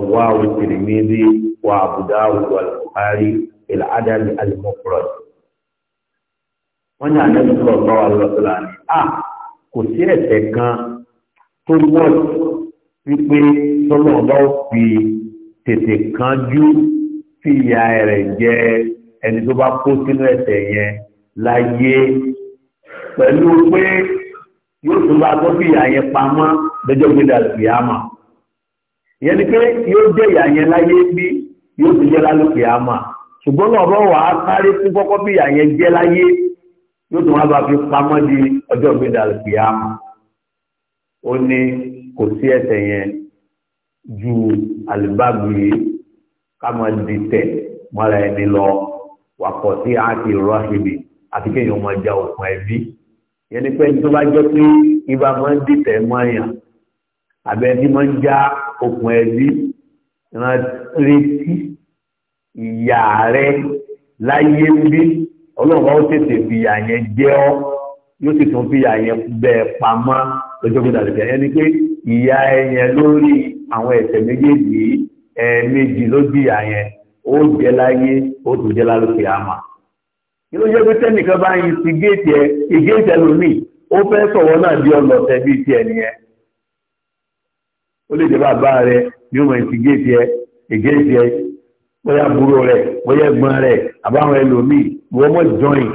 رواه الترمذي وابو داود والبخاري في العدد المفرد وانا النبي صلى الله عليه وسلم اه kò sí ẹ̀ṣẹ̀ kan tó wọ́n wípé tọ́lọ́run bá fi tètè kánjú fi ìyà rẹ̀ jẹ ẹni tó bá kó sínú ẹ̀ṣẹ̀ yẹn láyé pẹ̀lú pé yóò tún bá tó fi ìyà yẹn pamọ́ lọ́jọ́ gbéra kìámà ìyẹn ni pé yóò jẹ́ ìyà yẹn láyé bí yóò tún jẹ́ lálùkìámà ṣùgbọ́n náà bọ́ wàá sáré fún kọ́kọ́ bí ìyà yẹn jẹ́ láyé yóò tún wá bá fi pamọ́ di ọjọ́ gbéra kìámù ó ní kò sí ẹ̀ṣẹ̀ yẹn ju àlùbáàbù yìí ká máa di tẹ̀ mọ́ra ẹni lọ wàpọ̀ sí àti rọ́ṣìbì àti kéèyàn máa ja òkun ẹbí yẹn ni pé tó bá jẹ́ pé ibà máa ń dìtẹ̀ mọ́yàn àbẹ́ tí máa ń já òkun ẹbí rántí ìyá rẹ láyé ń bí. ọlọ́run bá ó tètè fìyà yẹn jẹ́ ọ́ yóò sì tún fìyà yẹn bẹ́ẹ̀ pamọ́ lọ́jọ́ gbọ́dọ̀ àti ni pé ìyá ẹyẹn lórí àwọn ẹ̀ṣẹ̀ méjèèjì ló ó jẹ́ láyé ó tún jẹ́ àmà jẹ́ pé tẹ́nìkan bá yin ti géètì ẹ ìgéètì ó fẹ́ sọ̀wọ́ náà bí ọlọ́tẹ bíi tiẹ̀ nìyẹn ó lè jẹ́ bàbá rẹ yóò mọ̀ ti géètì ẹ ìgéètì ẹ bóyá burú rẹ̀ bóyá ẹ̀gbọ́n rẹ̀ àbáwọn ẹlòmíì wọ́n mọ̀ jọyìn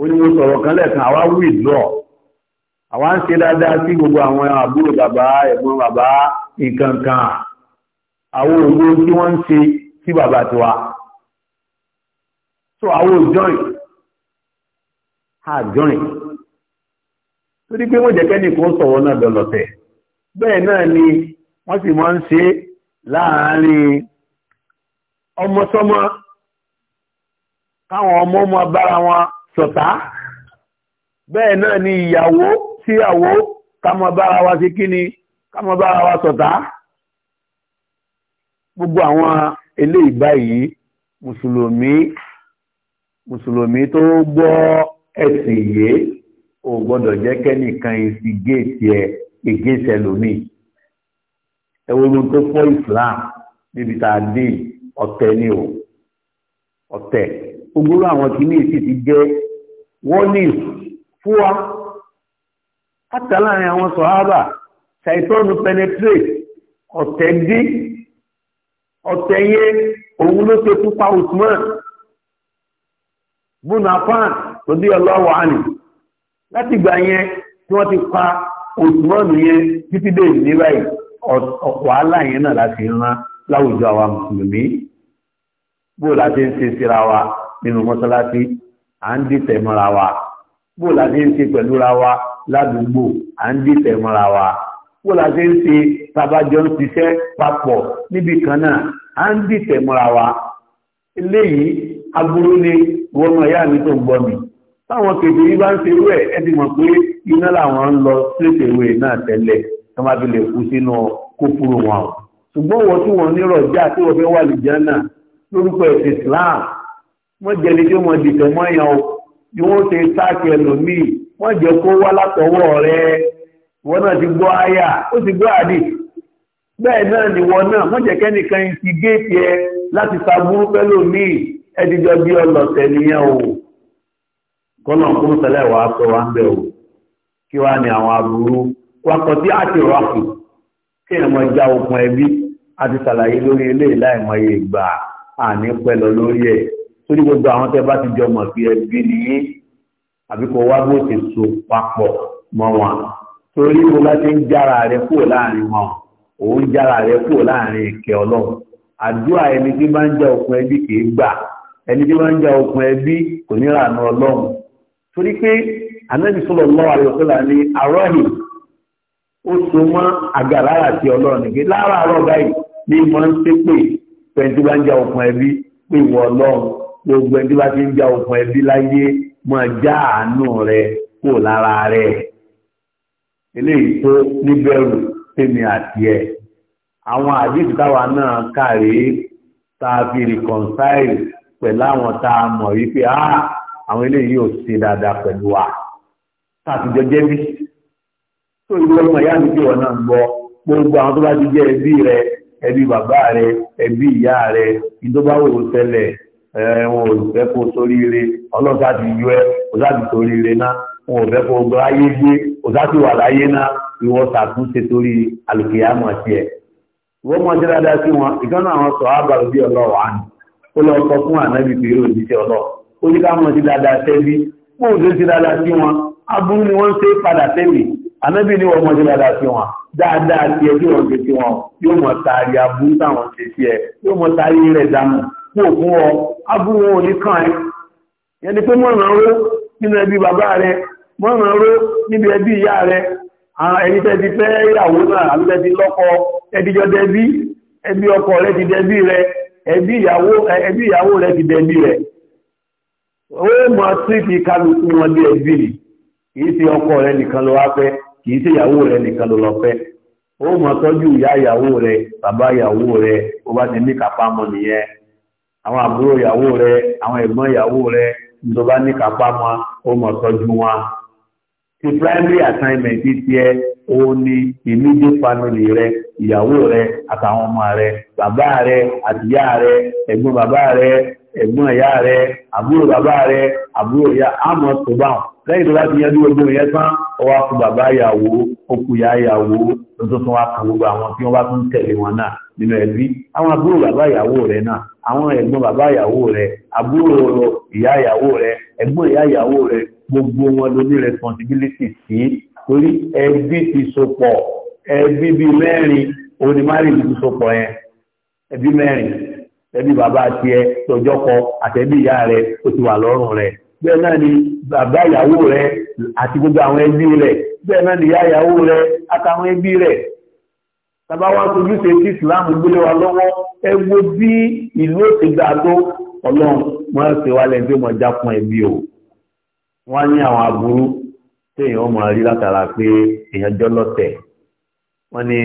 ó ní mo sọ̀rọ̀ kan lẹ́ẹ̀kan àwa withdraw àwa ń ṣe dáadáa sí gbogbo àwọn àbúrò bàbá ẹ̀gbọ́n bàbá nǹkan kan àwọn òwò tí wọ́n ń ṣe sí bàbá tiwa so àwọn ò jọyìn a jọyìn torí pé wọ́n jẹ́ kẹ́nìkan sọ̀rọ̀ náà dọ̀lọ̀tẹ̀ bẹ́ẹ̀ náà ni wọ́n sì máa ń ṣe é láàárín ọmọsọ́mọ káwọn ọmọ ọmọ bára wọn ṣọ̀tá bẹ́ẹ̀ náà ni ìyàwó síyàwó kámọ bára wa sí kíni kámọ bára wa ṣọ̀tá gbogbo àwọn eléyìí báyìí mùsùlùmí mùsùlùmí tó gbọ́ ẹ̀sìn yìí ò gbọ́dọ̀ jẹ́ kẹ́nìkan ìsìgéètì ẹ̀ ìgéèsẹ̀ lómìn ẹwọ́n tó fọ́ Islam níbi tá a dé ọ̀tẹ̀ ni o ọ̀tẹ̀ ogúnrú àwọn kìíní sì ti jẹ́ wọ́ọ̀lì fún wa kátà láàrin àwọn sọ̀hábà ṣàìtọ́nù penetrate ọ̀tẹ̀ dé ọ̀tẹ̀ yẹn òun ló ṣe fún pa Usman bunafan lòdì ọlọ́wọ́ àná láti gbà yẹn tí wọ́n ti pa Usman yẹn títí dé ní báyìí wàhálà yẹn náà láti rán láwùjọ àwa mùsùlùmí bó láti ń ṣe síra wa nínú mọ́sálásí à ń dìtẹ̀ mọ́ra wa bó láti ń ṣe pẹ̀lú ra wa ládùúgbò à ń dìtẹ̀ mọ́ra wa bó láti ń ṣe tabajọ́ ń ṣiṣẹ́ papọ̀ níbi kan náà à ń dìtẹ̀ mọ́ra wa eléyìí aburú ni wọ́n mọ̀ ìyá mi tó ń gbọ́ mi táwọn kèbèrè bá ń ṣe ẹ̀ ẹ́ ti mọ̀ pé iná làwọn ń lọ síléèwé náà tẹ́lẹ̀ tó má fi lè kú sínú kófúrú wọn ṣùgbọ́n wọ́n tí wọ́n nírọ̀ já tí wọ́n fẹ́ wà lìjánà lórúkọ ẹ̀sìn Islam wọ́n jẹ́ ní tí wọ́n dìtẹ̀ mọ́yàn ni wọ́n ṣe sáàkì ẹlòmíì wọ́n jẹ́ kó wá látọwọ́ rẹ̀ wọ́n náà ti gbọ́ àyà ó ti gbọ́ àdì bẹ́ẹ̀ náà ni wọ́n náà wọ́n jẹ́ kẹ́nìkan ti géètì ẹ láti sàbúrú fẹ́lòmíì ẹdíjọ bí ọlọ́tẹ̀ nìyẹn o kọ́nà kún sẹ́lẹ̀ wàá sọ wá ń bẹ̀ o kí wá ní àwọn aburú wakọ̀ tí a ti rọ́pù kí ẹmọ já okùn ẹbí a ti sàlàyé lórí ilé ìláìmọye ìgbà àní pẹ́lọ lórí ẹ̀ torí gbogbo àwọn tẹ́ bá ti jọ mọ̀ sí ẹbí nìyí àbí kò wá bó ti so papọ̀ mọ́ wọn torí mo bá ti ń jára rẹ kúrò láàrin wọn òun jára rẹ kúrò láàrin ìkẹ́ ọlọ́run àdúrà ẹni tí bá ń já okùn ẹbí kì gbà ẹni tí bá ń já okùn ẹbí kò ní ràánú ọlọ́run torí pé Ànábì sallallahu alaihi ní arọ́hìn ó so mọ́ àgàlára àti ọlọ́run nìkan láràárọ̀ báyìí ní ìmọ̀ ń ṣe pé pẹ̀ntì bá ń ja òkun ẹbí pé ìwọ ọlọ́run gbogbo ẹni tí bá ti ń ja òkun ẹbí láyé máa já àánú rẹ kó lára rẹ eléyìí tó níbẹ̀rù tèmi àti ẹ̀ àwọn àdìsí táwa náà kàrí tá a fi reconcile pẹ̀lú àwọn tá a mọ̀ wípé ah, àwọn eléyìí ò ṣe dáadáa pẹ̀lú wa tá a ti jọ jẹ́bi tó ìlú ọmọ ìyá mi tí wọn náà ń gbọ́ gbogbo àwọn tó bá ti jẹ́ ẹbí rẹ ẹbí bàbá rẹ ẹbí ìyá rẹ ìdóbáwò tẹ́lẹ̀ wọn ò fẹ́ kó soríire ọlọ́sà ti yọ ẹ ọ̀sà ti soríire náà wọn ò fẹ́ kó gbọ́ ayé gbé ọ̀sà ti wà láyé náà ìwọ ṣàtúnṣe torí àlùkìyàmọ̀ tiẹ̀ wọ́n mọ̀ jẹ́ dáadáa sí wọn ìkànnà àwọn sọ ábàrò bí ọlọ́wà ní ó lọ sọ fún ànábì pé yóò jíṣẹ́ ọlọ́ ó ní ká mọ̀ sí dáadáa sẹ́bí mọ̀ òjò sí dáadáa sí wọn aburú ni wọ́n ṣe padà sẹ́bí anábì ní wọ́n mọ́jú dáadáa sí wọn dáadáa sí ẹ tí wọ́n ṣe sí wọn yóò mọ̀ tààrí aburú táwọn ṣe sí ẹ yóò mọ̀ tààrí rẹ̀ dànù kú òkun ọ aburú wọn ò ní kàn ẹ́ yẹn ni pé mọ̀ràn ró nínú ẹbí bàbá rẹ mọ̀ràn ró níbi ẹbí ìyá rẹ ẹni tẹ́ ti fẹ́ ìyàwó náà àbí tẹ́ ti lọ́kọ ẹdíjọ́ dẹbí ẹbí ọkọ rẹ ti dẹbí rẹ ẹbí ìyàwó rẹ ti dẹbí rẹ ó mọ̀ sí ti kálukú wọn dé ẹbí kì í ṣe ọkọ rẹ nìkan ló wá fẹ́ kì í ṣe rẹ nìkan ló lọ fẹ́ ó mọ ìyá ìyàwó rẹ bàbá ìyàwó rẹ ó bá ti ní kápá mọ nìyẹn àwọn àbúrò ìyàwó rẹ àwọn ẹ̀gbọ́n ìyàwó rẹ tó bá ní kápá mọ ó mọ wọn ti primary assignment ó ní immediate family rẹ ìyàwó rẹ àtàwọn ọmọ lẹ́yìn tó bá ti yanjú gbogbo ìyẹn tán ó wá fún bàbá ìyàwó okùn ìyá ìyàwó tó tó tún wá kan gbogbo àwọn tí wọ́n bá tún tẹ̀lé wọn náà nínú ẹbí àwọn àbúrò bàbá ìyàwó rẹ̀ náà àwọn ẹ̀gbọ́n bàbá ìyàwó rẹ̀ àbúrò ìyá ìyàwó rẹ̀ ẹ̀gbọ́n ìyá ìyàwó rẹ̀ gbogbo wọn ló ní responsibility sí torí ẹbí ti sopọ̀ ẹbí bíi mẹ́rin onímárì ti sopọ̀ yẹn ẹbí mẹ́rin ẹbí bàbá tiẹ̀ tọjọ́kọ àtẹ̀bí ìyá rẹ̀ ó ti wà lọ́rùn rẹ̀ bẹ́ẹ̀ náà ni bàbá ìyàwó rẹ̀ àti gbogbo àwọn ẹbí rẹ̀ bẹ́ẹ̀ náà ni ìyá ìyàwó rẹ̀ àtàwọn ẹbí rẹ̀ tàbá wá tójú ṣe tí ìsìláàmù gbélé wa lọ́wọ́ ẹ wo bí ìlú òsè gbà ọlọ́run mọ́ ẹ̀sẹ̀ wa lẹ́yìn pé mo já fún ẹbí o wọ́n ní àwọn aburú tí èèyàn mọ̀ rí látara pé èèyàn jọ́ lọ́tẹ̀ wọ́n ní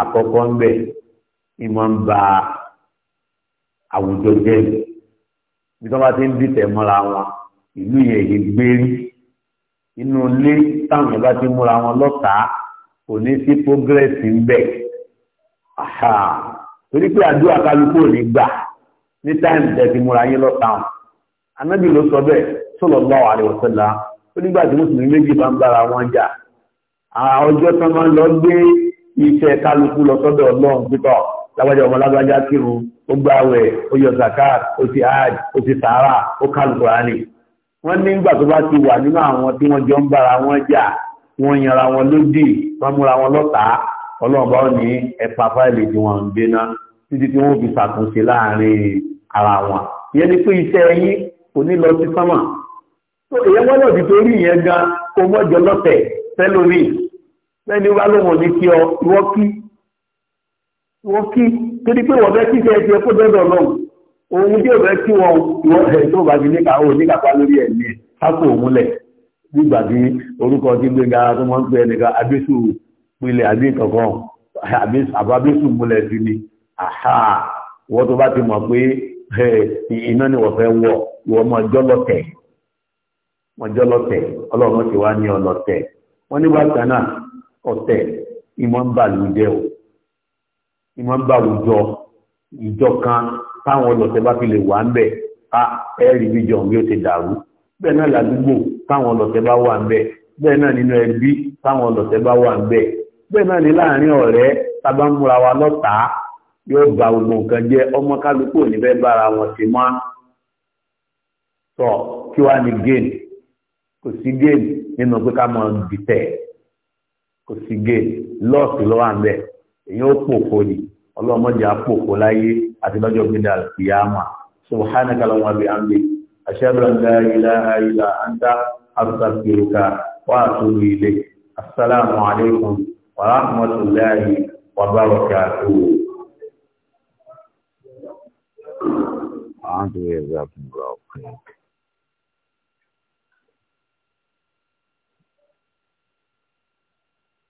àkọ́kọ́ ń bẹ̀ ìmọ̀ ń ba àwùjọ jẹ́ bí wọ́n bá ti ń dìtẹ̀ mọ́ra wọn ìlú yẹn yìí gbérí inú ilé táwọn ìbá ti múra wọn lọ́tàá kò ní sí progress ń bẹ̀ torí pé àdúrà kálukú ò ní gbà ní táìmù tẹ́ ti múra yín lọ́tàá anábì ló sọ bẹ́ẹ̀ sallallahu alaihi wasallam ó nígbà tí mùsùlùmí méjì bá ń bára wọn jà ọjọ́ tán máa ń lọ gbé iṣẹ́ kálukú lọ sọ́dọ̀ ọlọ́run pípọ̀ lágbájá ọmọ lágbájá kírun ó gbáwẹ̀ ó yọ zakat ó ti hajj ó ti sàárà ó kálukú rání wọ́n nígbà tó bá ti wà nínú àwọn tí wọ́n jọ ń bára wọn jà wọ́n yanra wọn lódì wọ́n múra wọn lọ́tàá ọlọ́ọ̀bá ó ní ẹ̀pà fáìlì tí wọ́n ń gbéná títí tí wọ́n fi ṣàtúnṣe láàrin ara wọn ìyẹn ni pé iṣẹ́ yín kò ní lọ sí sánmà èyẹ gbọ́dọ̀ ti torí ìyẹn gan kó mọ́jọ lọ́tẹ̀ fẹ́lórí fẹ́ni wá lóhùn ní kí ọ ìwọ́ kí ìwọ́ kí torí pé wọ́n fẹ́ kíkẹ́ ẹ ti ẹ kó dọ́dọ̀ lọ́hùn òun tí ò fẹ́ kí wọn ìwọ́n ẹ̀ tó bá ti níka ó níkapá lórí ẹ̀ ní sápò òun lẹ̀ nígbà tí orúkọ tí gbéga tó máa ń pè ẹnìkan abésù pilẹ̀ àbí kankan àbá abésù múlẹ̀ sí ni àhà wọ́n tó bá ti mọ̀ pé iná ni wọ́n fẹ́ wọ̀ wọ́n mọ jọ́lọ́tẹ̀ wọ́n jọ́lọ́tẹ̀ ọlọ́run ti wá ní ọlọ́tẹ̀ wọ́n nígbà kan náà ọ̀tẹ̀ ìmọ̀ ń bà lù táwọn ọlọ́tẹ̀ bá fi lè wà ń bẹ̀ a ẹ̀rì bíjọ bí ó ti dàrú bẹ́ẹ̀ náà ládùúgbò táwọn ọlọ́tẹ̀ bá wà ń bẹ̀ bẹ́ẹ̀ náà nínú ẹbí táwọn ọlọ́tẹ̀ bá wà ń bẹ̀ bẹ́ẹ̀ náà ní láàárín ọ̀rẹ́ tábà ń múra wa lọ́tàá yóò ba gbogbo nǹkan jẹ́ ọmọ kálukú ò ní fẹ́ bára wọn ti mọ́ tọ́ kí wàá ní gain kò sí gain nínú pé ká mọ dìtẹ̀ kò sí gain lọ́ọ̀sì lọ́wọ́ à èyí ó pòfo ni ọlọ́mọdé á pòfo láyé àti lọ́jọ́ gbídà kìyàmà subhanaka wa bihamdik ashhadu an la ilaha illa anta astaghfiruka wa atubu ilayk assalamu alaikum wa rahmatullahi wa barakatuh Aren't we exactly well?